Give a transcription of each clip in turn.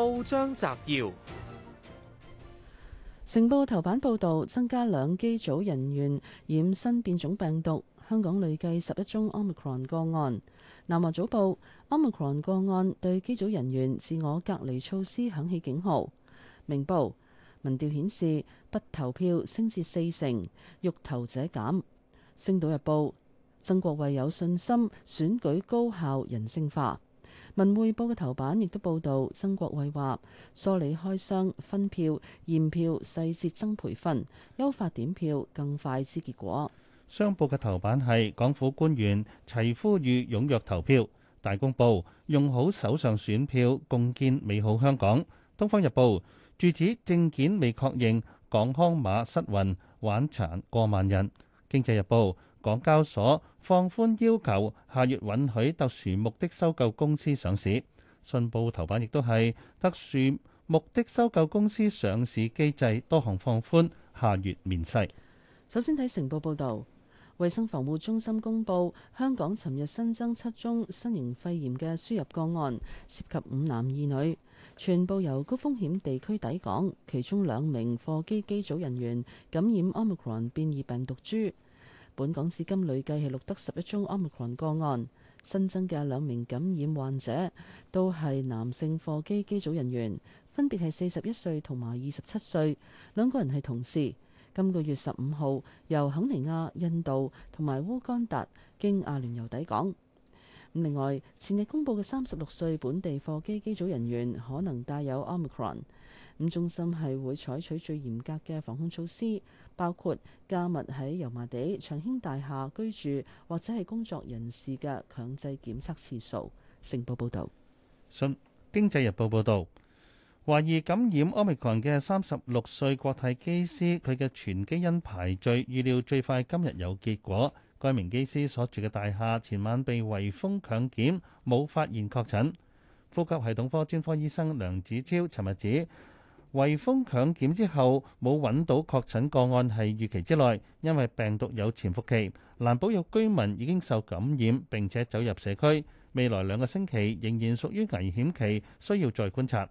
報章摘要：成報頭版報道，增加兩機組人員染新變種病毒，香港累計十一宗 Omicron 個案。南華早報：Omicron 個案對機組人員自我隔離措施響起警號。明報：民調顯示不投票升至四成，欲投者減。星島日報：曾國衛有信心選舉高效人性化。文匯報嘅頭版亦都報道，曾國衛話：梳理開箱分票驗票細節，增培訓，優化點票，更快之結果。商報嘅頭版係港府官員齊呼籲踴躍投票。大公報用好手上選票，共建美好香港。東方日報住址證件未確認，港康碼失運，玩殘過萬人。經濟日報港交所放寬要求，下月允許特殊目的收購公司上市。信報頭版亦都係特殊目的收購公司上市機制多項放寬，下月面世。首先睇成報報道，衛生防護中心公布，香港尋日新增七宗新型肺炎嘅輸入個案，涉及五男二女，全部由高風險地區抵港，其中兩名貨機機組人員感染 omicron 變異病毒株。本港至今累計係錄得十一宗 Omicron 個案，新增嘅兩名感染患者都係男性貨機機組人員，分別係四十一歲同埋二十七歲，兩個人係同事，今個月十五號由肯尼亞、印度同埋烏干達經阿聯酋抵港。另外，前日公布嘅三十六歲本地貨機機組人員可能帶有 Omicron，咁中心係會採取最嚴格嘅防控措施。包括加密喺油麻地長興大廈居住或者係工作人士嘅強制檢測次數。成報報道、經濟日報報道，懷疑感染 Omicron 嘅三十六歲國泰機師，佢嘅全基因排序預料最快今日有結果。該名機師所住嘅大廈前晚被圍封強檢，冇發現確診。呼吸系統科專科醫生梁子超尋日指，圍封強檢之後冇揾到確診個案係預期之內，因為病毒有潛伏期，難保有居民已經受感染並且走入社區。未來兩個星期仍然屬於危險期，需要再觀察。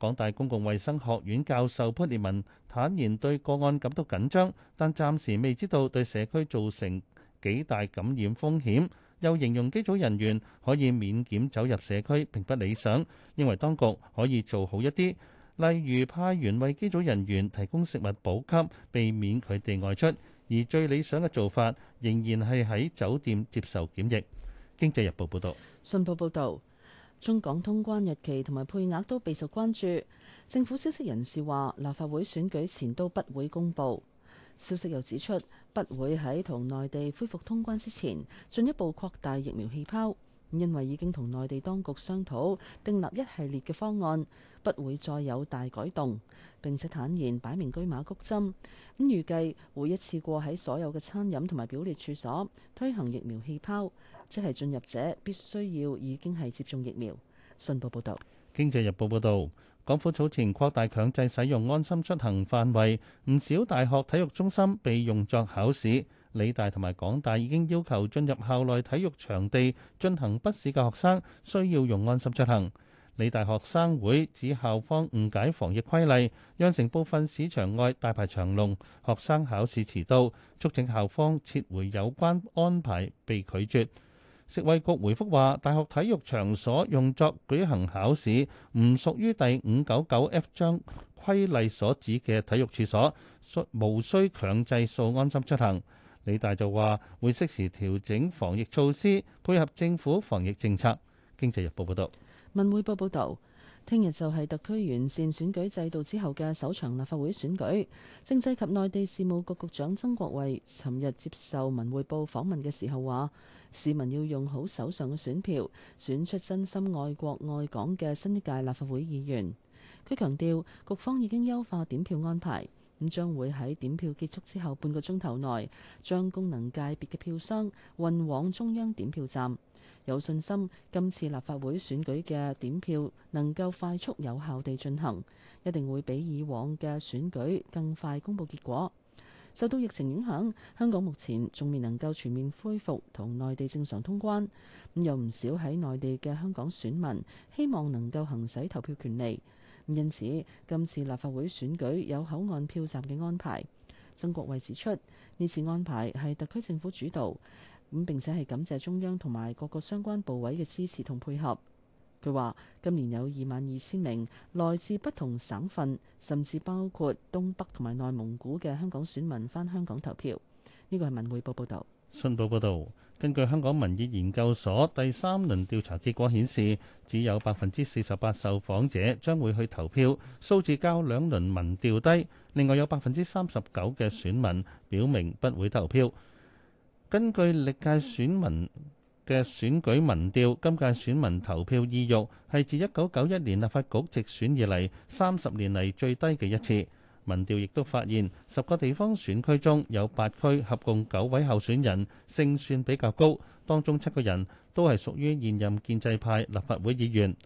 港大公共衛生學院教授潘烈文坦言對個案感到緊張，但暫時未知道對社區造成幾大感染風險。又形容機組人員可以免檢走入社區並不理想，認為當局可以做好一啲。例如派員為機組人員提供食物補給，避免佢哋外出。而最理想嘅做法，仍然係喺酒店接受檢疫。經濟日報報道。信報報道，中港通關日期同埋配額都備受關注。政府消息人士話，立法會選舉前都不會公布消息。又指出，不會喺同內地恢復通關之前，進一步擴大疫苗氣泡。因為已經同內地當局商討，訂立一系列嘅方案，不會再有大改動。並且坦言擺明車馬谷針，咁預計會一次過喺所有嘅餐飲同埋表列處所推行疫苗氣泡，即係進入者必須要已經係接種疫苗。信報報導，《經濟日報》報導，港府早前擴大強制使用安心出行範圍，唔少大學體育中心被用作考試。理大同埋港大已經要求進入校內體育場地進行筆試嘅學生需要用安心出行。理大學生會指校方誤解防疫規例，釀成部分試場外大排長龍，學生考試遲到，促請校方撤回有關安排，被拒絕。食衛局回覆話，大學體育場所用作舉行考試，唔屬於第五九九 F 章規例所指嘅體育處所，無需強制掃安心出行。李大就話：會適時調整防疫措施，配合政府防疫政策。經濟日報報道。文匯報報道，聽日就係特區完善選舉制度之後嘅首場立法會選舉。政制及內地事務局局局長曾國衛尋日接受文匯報訪問嘅時候話：市民要用好手上嘅選票，選出真心愛國愛港嘅新一屆立法會議員。佢強調，局方已經優化點票安排。咁將會喺點票結束之後半個鐘頭內，將功能界別嘅票箱運往中央點票站。有信心今次立法會選舉嘅點票能夠快速有效地進行，一定會比以往嘅選舉更快公佈結果。受到疫情影響，香港目前仲未能夠全面恢復同內地正常通關，咁有唔少喺內地嘅香港選民希望能夠行使投票權利。因此，今次立法會選舉有口岸票站嘅安排。曾國衞指出，呢次安排係特區政府主導，咁並且係感謝中央同埋各個相關部委嘅支持同配合。佢話：今年有二萬二千名來自不同省份，甚至包括東北同埋內蒙古嘅香港選民返香港投票。呢個係文匯報報道。信報報導。根據香港民意研究所第三輪調查結果顯示，只有百分之四十八受訪者將會去投票，數字較兩輪民調低。另外有百分之三十九嘅選民表明不會投票。根據歷屆選民嘅選舉民調，今屆選民投票意欲係自一九九一年立法局直選以嚟三十年嚟最低嘅一次。民調亦都發現，十個地方選區中有八區合共九位候選人勝算比較高，當中七個人都係屬於現任建制派立法會議員。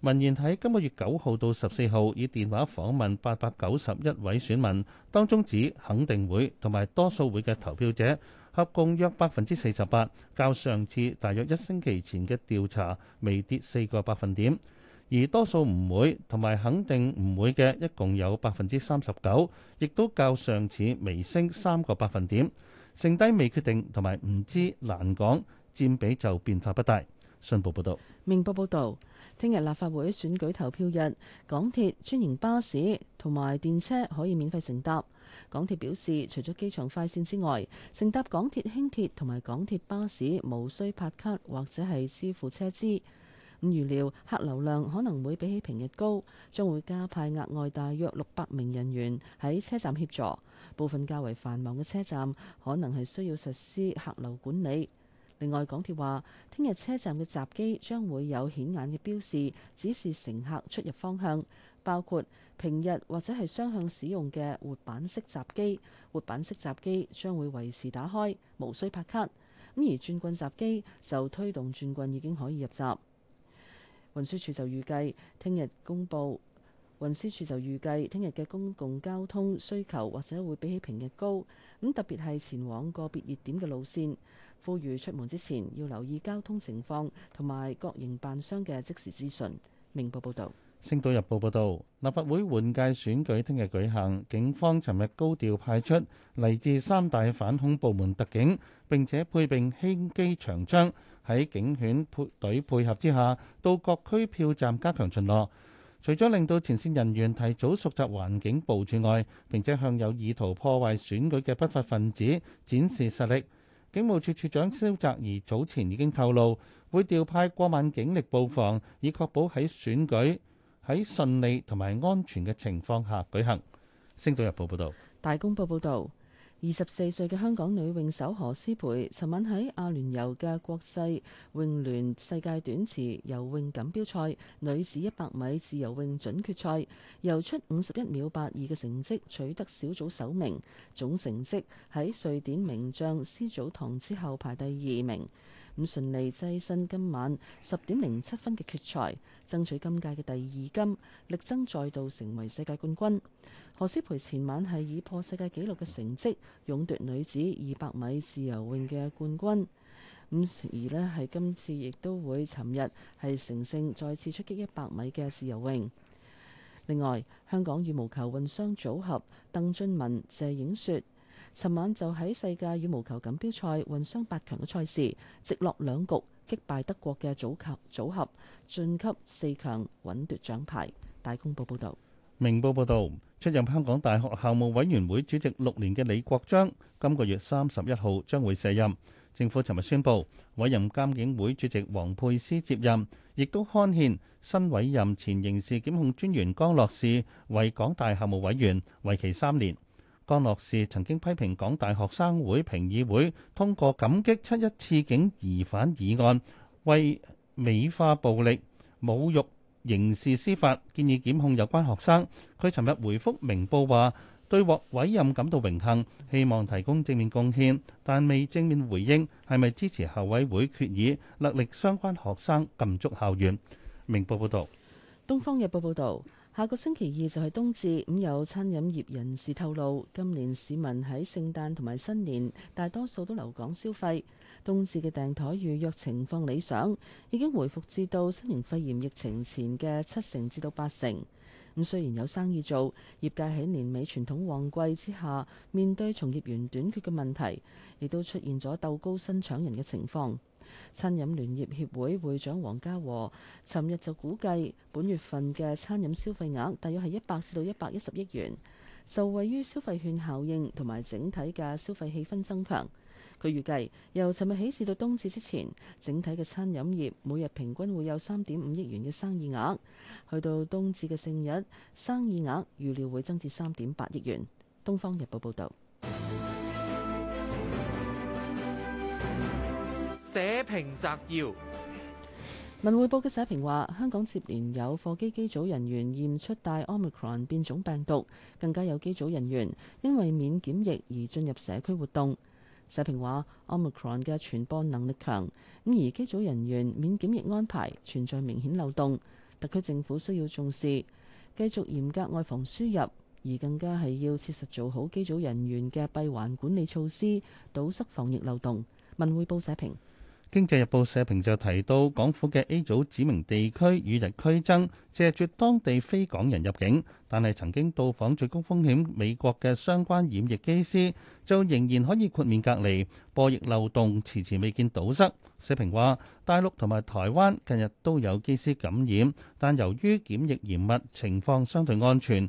民研喺今個月九號到十四號以電話訪問八百九十一位選民，當中指肯定會同埋多數會嘅投票者合共約百分之四十八，較上次大約一星期前嘅調查微跌四個百分點。而多數唔會同埋肯定唔會嘅一共有百分之三十九，亦都較上次微升三個百分點。剩低未決定同埋唔知難講佔比就變化不大。信報報道：「明報報道，聽日立法會選舉投票日，港鐵專營巴士同埋電車可以免費乘搭。港鐵表示，除咗機場快線之外，乘搭港鐵輕鐵同埋港鐵巴士無需拍卡或者係支付車資。」預料客流量可能會比起平日高，將會加派額外大約六百名人員喺車站協助。部分較為繁忙嘅車站可能係需要實施客流管理。另外，港鐵話，聽日車站嘅閘機將會有顯眼嘅標示指示乘客出入方向，包括平日或者係雙向使用嘅活板式閘機。活板式閘機將會維持打開，無需拍卡。咁而轉棍閘機就推動轉棍，已經可以入閘。運輸署就預計聽日公布。運輸署就預計聽日嘅公共交通需求或者會比起平日高。咁特別係前往個別熱點嘅路線，呼籲出門之前要留意交通情況同埋各營辦商嘅即時資訊。明報報導，《星島日報》報導，立法會換屆選舉聽日舉行，警方尋日高調派出嚟自三大反恐部門特警，並且配備輕機長槍，喺警犬配隊配合之下，到各區票站加強巡邏，除咗令到前線人員提早熟習環境部署外，並且向有意圖破壞選舉嘅不法分子展示實力。警務處處長蕭澤頤早前已經透露，會調派過萬警力佈防，以確保喺選舉喺順利同埋安全嘅情況下舉行。星島日報報道。大公報報導。二十四歲嘅香港女泳手何詩蓓尋晚喺阿聯酋嘅國際泳聯世界短池游泳錦標賽女子一百米自由泳準決賽，游出五十一秒八二嘅成績，取得小組首名，總成績喺瑞典名將施祖唐之後排第二名。咁順利躋身今晚十點零七分嘅決賽，爭取今屆嘅第二金，力爭再度成為世界冠軍。何詩蓓前晚係以破世界紀錄嘅成績，勇奪女子二百米自由泳嘅冠軍。咁而呢，係今次亦都會尋日係乘勝再次出擊一百米嘅自由泳。另外，香港羽毛球混雙組合鄧俊文、謝影雪。尋晚就喺世界羽毛球錦標賽混雙八強嘅賽事，直落兩局擊敗德國嘅組合組合，晉級四強，穩奪獎牌。大公報報道：「明報報道，出任香港大學校務委員會主席六年嘅李國章，今個月三十一號將會卸任。政府尋日宣布委任監警會主席黃佩斯接任，亦都刊憲新委任前刑事檢控專員江樂士為港大校務委員，為期三年。江樂士曾經批評港大學生會評議會通過感激七一刺警疑犯議案，為美化暴力、侮辱刑事司法，建議檢控有關學生。佢尋日回覆明報話：對獲委任感到榮幸，希望提供正面貢獻，但未正面回應係咪支持校委會決議勒令相關學生禁足校園。明報報導，東方日報報導。下個星期二就係冬至，咁有餐飲業人士透露，今年市民喺聖誕同埋新年大多數都留港消費，冬至嘅訂台預約情況理想，已經回復至到新型肺炎疫情前嘅七成至到八成。咁雖然有生意做，業界喺年尾傳統旺季之下，面對從業員短缺嘅問題，亦都出現咗鬥高薪搶人嘅情況。餐飲聯業協會會長黃家和尋日就估計，本月份嘅餐飲消費額大約係一百至到一百一十億元，受惠於消費券效應同埋整體嘅消費氣氛增強。佢預計由尋日起至到冬，冬至之前，整體嘅餐飲業每日平均會有三點五億元嘅生意額，去到冬至嘅正日，生意額預料會增至三點八億元。東方日報報道。社評摘要：文匯報嘅社評話，香港接連有貨機機組人員驗出帶 Omicron 變種病毒，更加有機組人員因為免檢疫而進入社區活動。社評話，Omicron 嘅傳播能力強，咁而機組人員免檢疫安排存在明顯漏洞，特區政府需要重視，繼續嚴格外防輸入，而更加係要切實做好機組人員嘅閉環管理措施，堵塞防疫漏洞。文匯報社評。經濟日報社評就提到，港府嘅 A 組指明地區與日俱增，謝絕當地非港人入境，但係曾經到訪最高風險美國嘅相關染疫機師，就仍然可以豁免隔離。播疫漏洞遲遲未見堵塞。社評話，大陸同埋台灣近日都有機師感染，但由於檢疫嚴密，情況相對安全。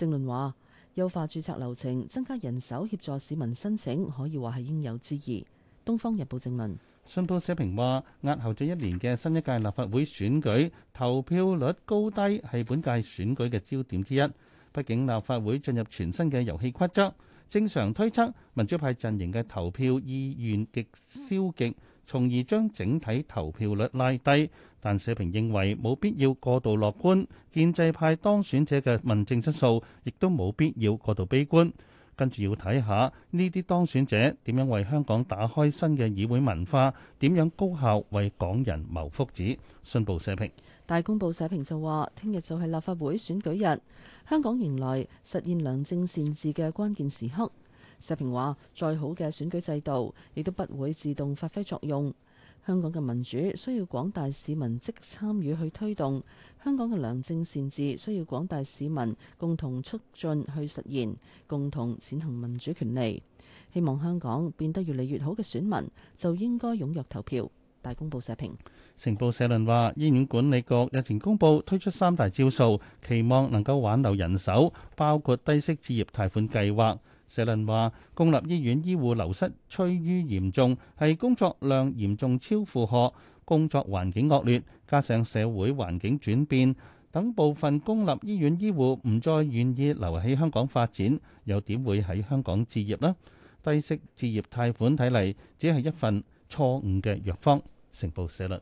正論話，優化註冊流程、增加人手協助市民申請，可以話係應有之義。東方日報正論，信報社評話，押後咗一年嘅新一屆立法會選舉投票率高低係本屆選舉嘅焦點之一。畢竟立法會進入全新嘅遊戲規則，正常推測民主派陣營嘅投票意願極消極。從而將整體投票率拉低，但社評認為冇必要過度樂觀，建制派當選者嘅問政質素亦都冇必要過度悲觀。跟住要睇下呢啲當選者點樣為香港打開新嘅議會文化，點樣高效為港人謀福祉。信報社評。大公報社評就話，聽日就係立法會選舉日，香港迎來實現良政善治嘅關鍵時刻。社評話：再好嘅選舉制度，亦都不會自動發揮作用。香港嘅民主需要廣大市民積參與去推動，香港嘅良政善治需要廣大市民共同促進去實現，共同踐行民主權利。希望香港變得越嚟越好嘅選民，就應該踴躍投票。大公報社評，成報社論話：醫院管理局日前公布推出三大招數，期望能夠挽留人手，包括低息置業貸款計劃。社論話，公立醫院醫護流失趨於嚴重，係工作量嚴重超負荷、工作環境惡劣，加上社會環境轉變等，部分公立醫院醫護唔再願意留喺香港發展，又點會喺香港置業呢？低息置業貸款睇嚟，只係一份錯誤嘅藥方。成報社論。